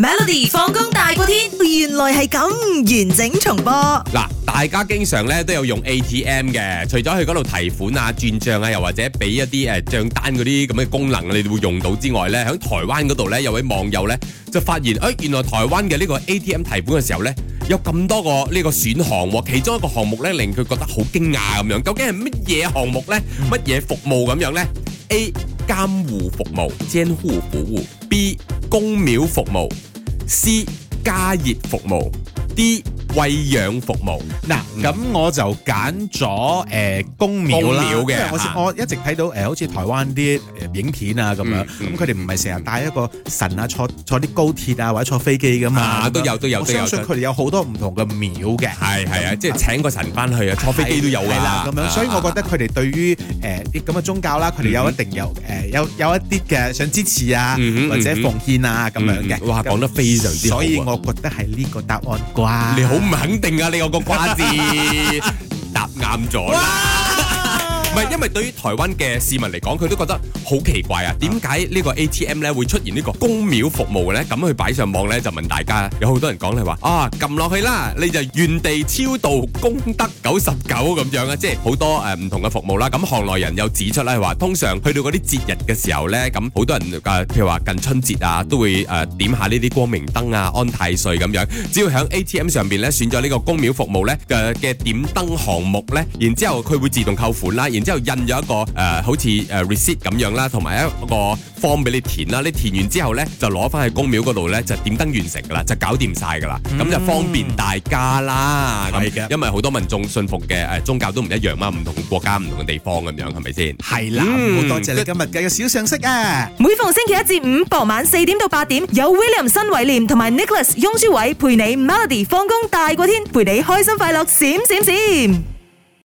Melody 放工大過天，原來係咁完整重播。嗱，大家經常咧，都有用 ATM 嘅，除咗去嗰度提款啊、轉賬啊，又或者俾一啲誒賬單嗰啲咁嘅功能，你哋會用到之外咧，喺台灣嗰度咧有位網友咧就發現誒，原來台灣嘅呢個 ATM 提款嘅時候咧有咁多個呢個選項，其中一個項目咧令佢覺得好驚訝咁樣，究竟係乜嘢項目咧？乜、嗯、嘢服務咁樣咧？A 監護服務、監護服務；B 公廟服務。C 加熱服務 D，喂養服務嗱，咁、嗯、我就揀咗誒宮廟啦。我我一直睇到誒，好、呃、似台灣啲、呃、影片啊咁、嗯、樣，咁佢哋唔係成日帶一個神啊坐坐啲高鐵啊或者坐飛機噶嘛、啊樣，都有都有。我相信佢哋有好多唔同嘅廟嘅，係係啊，即係請個神翻去啊，坐飛機都有啊，咁樣。所以我覺得佢哋對於誒啲咁嘅宗教啦，佢哋有一定有誒、啊呃、有有一啲嘅想支持啊、嗯、或者奉獻啊咁樣嘅、嗯嗯。哇，講得非常之好。所以我覺得係呢個答案啩。唔肯定啊！你有個瓜子 答啱咗啦。因為對於台灣嘅市民嚟講，佢都覺得好奇怪啊！點解呢個 ATM 咧會出現呢個宮廟服務呢？咧？咁佢擺上網呢，就問大家，有好多人講咧話啊，撳落去啦，你就原地超度功德九十九咁樣啊！即係好多呃、唔同嘅服務啦。咁行內人又指出咧，話通常去到嗰啲節日嘅時候呢，咁好多人譬如話近春節啊，都會誒點下呢啲光明燈啊、安太歲咁樣。只要喺 ATM 上邊咧選咗呢個宮廟服務呢嘅點點燈項目呢，然之後佢會自動扣款啦，然之。就印咗一個誒，好似誒 receipt 咁樣啦，同埋一個 form 俾你填啦。你填完之後咧，就攞返去宮廟嗰度咧，就點燈完成噶啦，就搞掂晒噶啦。咁就方便大家啦。係嘅，因為好多民眾信服嘅誒宗教都唔一樣嘛，唔同國家唔同嘅地方咁樣，係咪先？係啦，好多謝你今日嘅小常識啊！每逢星期一至五傍晚四點到八點，有 William 新偉廉同埋 Nicholas 雍書偉陪你 Melody 放工大過天，陪你開心快樂閃閃閃。